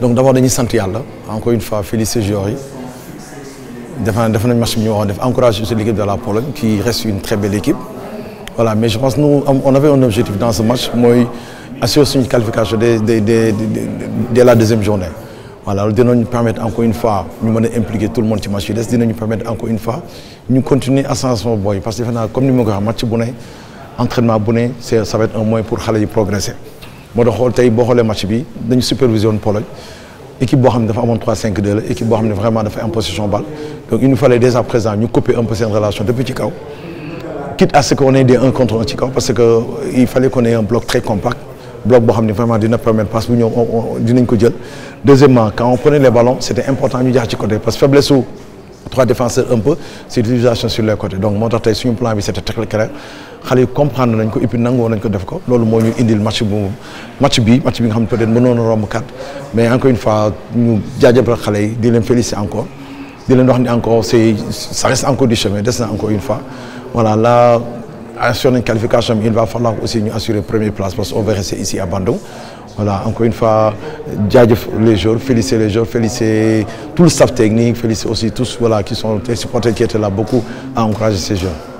donc d'abord, Denis dañuy encore une fois Félix joueurs Nous def match l'équipe de la Pologne qui reste une très belle équipe voilà mais je pense que nous on avait un objectif dans ce match moi assurer une qualification dès la deuxième journée. voilà devons nous permettre encore une fois ñu nous impliquer tout le monde qui match nous devons nous permettre encore une fois nous continuer à à boy. parce que comme nous avons un match l'entraînement entraînement ça va être un moyen pour aller progresser moo tax xool tey boo xoolee match bi dañu supervision Pologne équipe boo xam ne dafa amoon 3-5-2 la équipe boo xam ne vraiment dafa am possession balle donc il nous fallait dès à présent ñu couper un peu seen relation depuis ci kaw quitte à ce qu'on ait des 1 contre 1 ci kaw parce que euh, il fallait qu'on ait un bloc très compact bloc boo xam ne vraiment dina permettre passe bu ñëw dinañ ko jël deuxièmement quand on prenait les ballons c'était important ñu jaar ci côté parce que faiblesse trois défenseurs un peu c'est l'utilisation sur les côtés donc mon sur tey suñu plan c'était très clair xale comprendre nañ ko et puis nous nañ ko def ko loolu moo ñu indil match bu match bi match bi nga xam peut-être mais encore une fois ñu jaajëfal xale yi di leen féliciter encore di wax encore c'est ça reste encore du chemin C'est na encore une fois voilà là sur une qualification il va falloir aussi ñu assurer première place parce qu'on va rester ici à Bandung voilà encore une fois Djadjef les jours, féliciter les jours, féliciter tout le staff technique, féliciter aussi tous voilà, qui sont les supporters qui étaient là beaucoup à encourager ces jeunes.